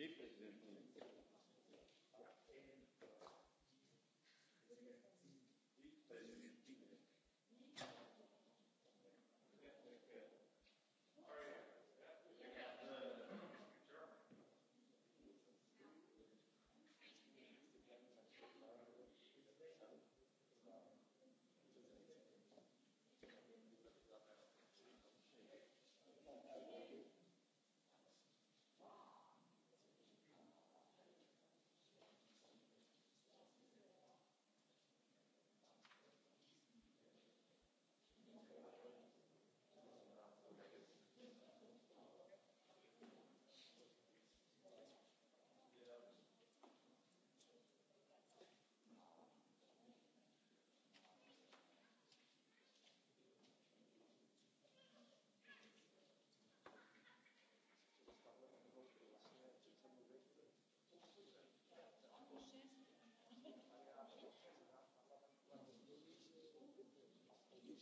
dem Präsidenten. Präsident.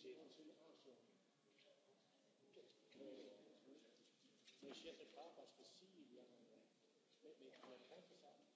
Siete Papas besiegen. Mit, mit, mit, mit,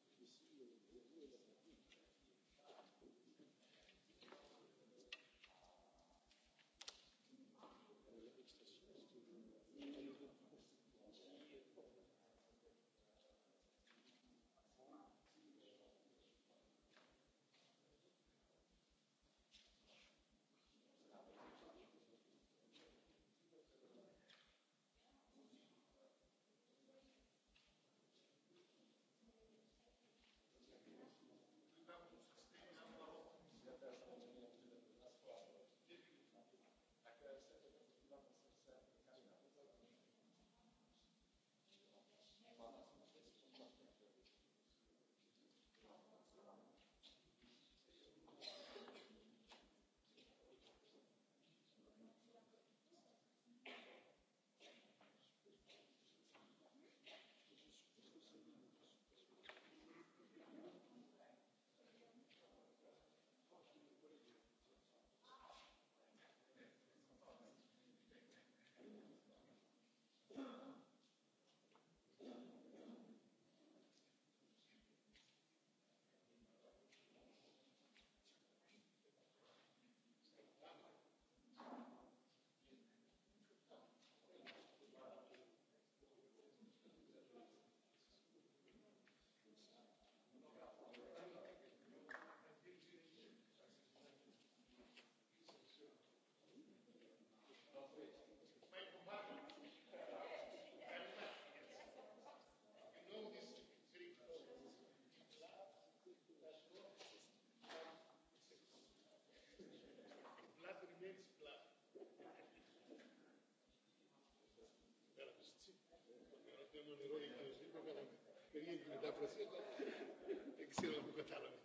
Περίεργη μετάφραση, αλλά δεν ξέρω αν το κατάλαβε.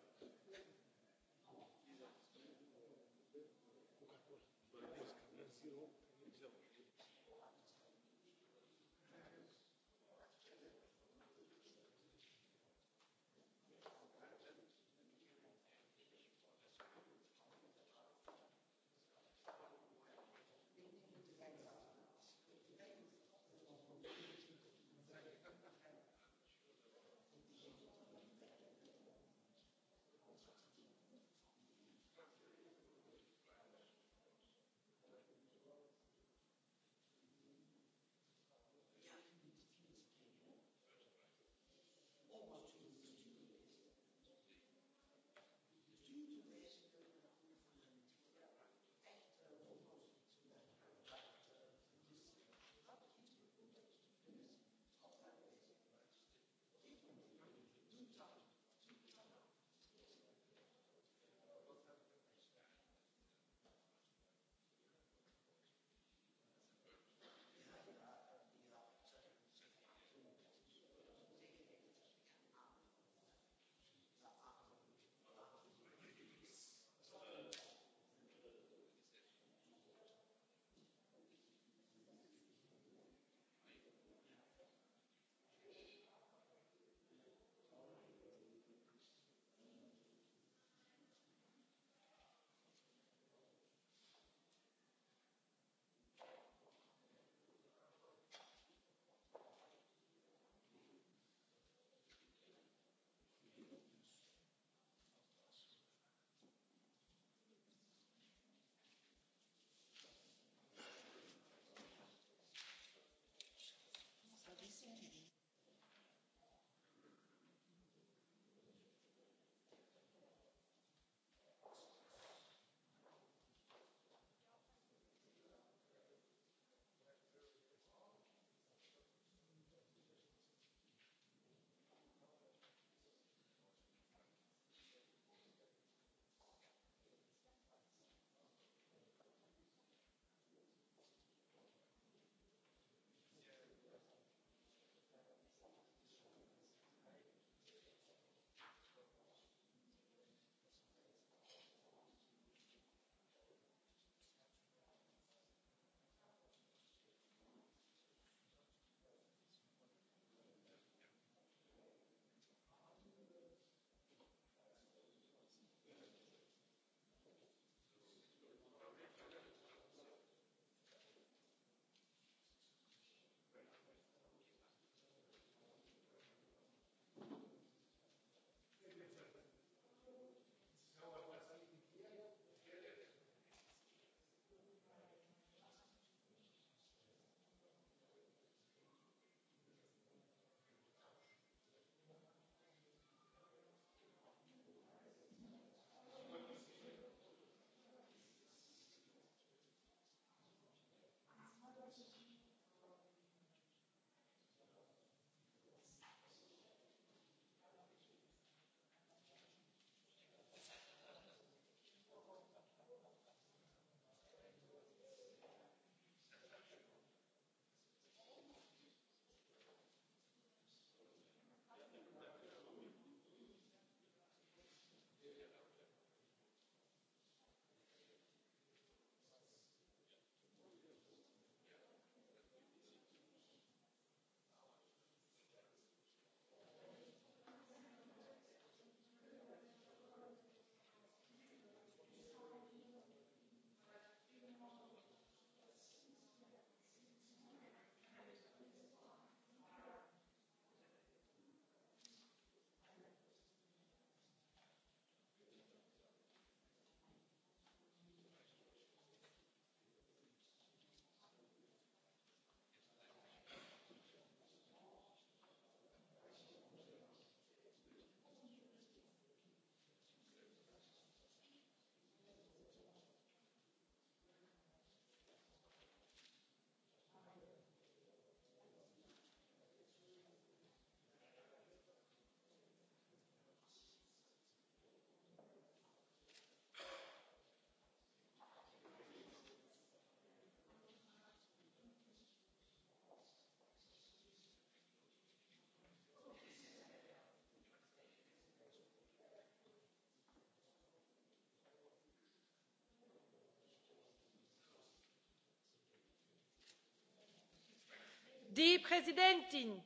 die präsidentin!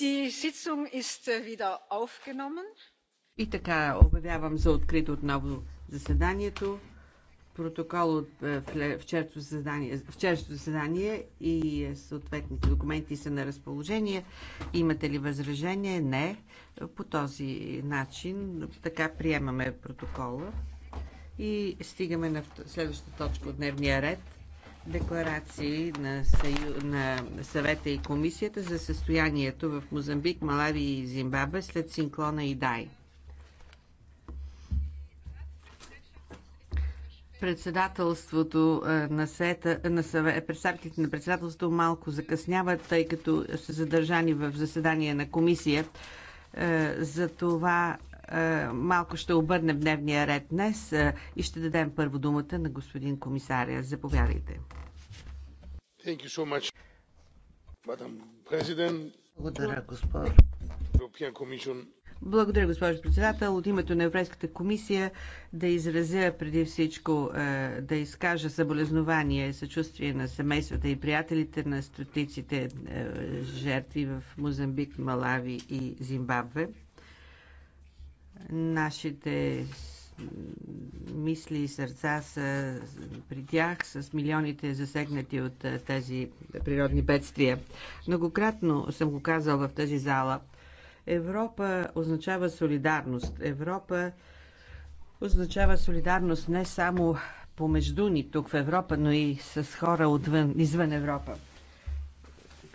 die sitzung ist wieder aufgenommen. И така, обявявам за открито отново заседанието протокол от е, вчерашното заседание, и е, съответните документи са на разположение. Имате ли възражение? Не. По този начин така приемаме протокола и стигаме на следващата точка от дневния ред. Декларации на, съю... на съвета и комисията за състоянието в Мозамбик, Малави и Зимбабве след синклона и Дай. Председателството е, на, сета, на съвет, представителите на председателството малко закъсняват, тъй като са задържани в заседание на комисия. Е, за това е, малко ще обърнем дневния ред днес и ще дадем първо думата на господин комисаря. Заповядайте. So Благодаря, госпожо. Благодаря, госпожо председател. От името на Европейската комисия да изразя преди всичко, е, да изкажа съболезнование и съчувствие на семействата и приятелите на стотиците е, жертви в Мозамбик, Малави и Зимбабве. Нашите мисли и сърца са при тях, с милионите засегнати от е, тези природни бедствия. Многократно съм го казал в тази зала – Европа означава солидарност. Европа означава солидарност не само помежду ни тук в Европа, но и с хора отвън, извън Европа.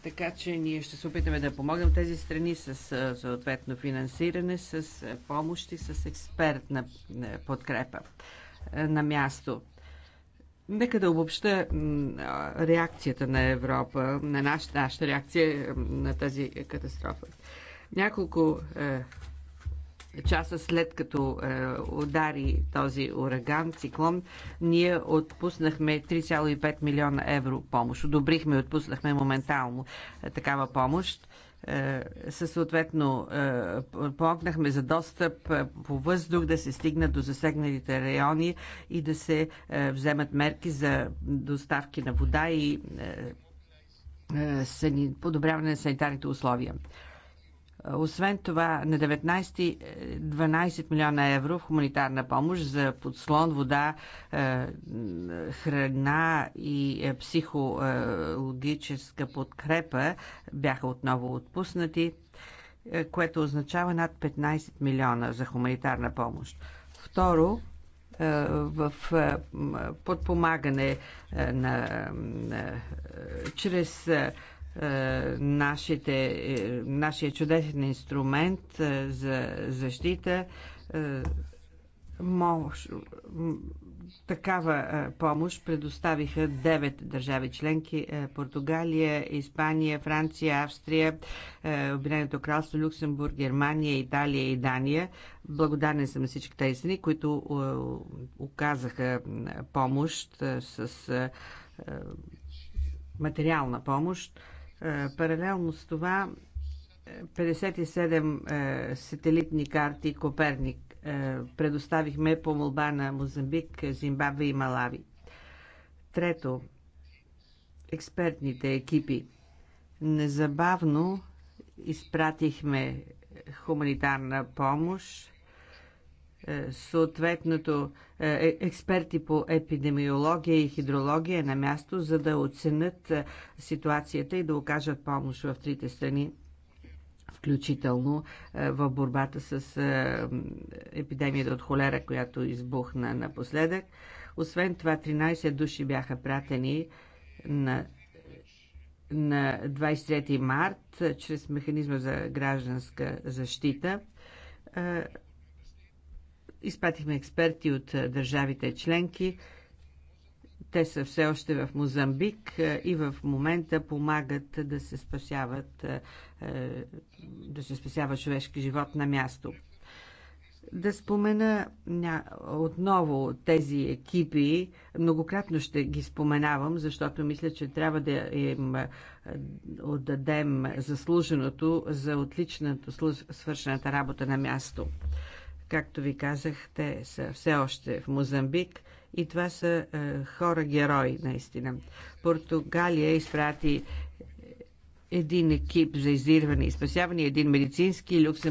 Така че ние ще се опитаме да помогнем тези страни с съответно финансиране, с помощи, с експертна подкрепа на място. Нека да обобща реакцията на Европа, на нашата, нашата реакция на тази катастрофа. Няколко е, часа след като е, удари този ураган, циклон, ние отпуснахме 3,5 милиона евро помощ. Одобрихме и отпуснахме моментално е, такава помощ. Е, със съответно е, помогнахме за достъп по въздух да се стигнат до засегналите райони и да се вземат мерки за доставки на вода и подобряване на санитарните условия. Освен това, на 19 12 милиона евро в хуманитарна помощ за подслон, вода, е, храна и е, психологическа подкрепа бяха отново отпуснати, е, което означава над 15 милиона за хуманитарна помощ. Второ, в подпомагане на, чрез е, нашите, е, нашия чудесен инструмент е, за защита мож, такава помощ предоставиха 9 държави членки Португалия, Испания, Франция, Австрия, Обединеното кралство, Люксембург, Германия, Италия и Дания. Благодарен съм на всички тези страни, които оказаха помощ с материална помощ Паралелно с това 57 е, е, сателитни карти Коперник е, предоставихме по молба на Мозамбик, Зимбабве и Малави. Трето, експертните екипи. Незабавно изпратихме хуманитарна помощ е, съответното е, е, експерти по епидемиология и хидрология на място, за да оценят ситуацията и да окажат помощ в трите страни, включително в борбата с епидемията от холера, която избухна напоследък. Освен това, 13 души бяха пратени на на 23 март чрез механизма за гражданска защита Изпратихме експерти от държавите членки. Те са все още в Мозамбик и в момента помагат да се спасяват да се спасява човешки живот на място. Да спомена отново тези екипи, многократно ще ги споменавам, защото мисля, че трябва да им отдадем заслуженото за отличната свършената работа на място. Както ви казах, те са все още в Мозамбик и това са е, хора-герои, наистина. Португалия изпрати е, един екип за издирване и спасяване, един медицински, Люксембург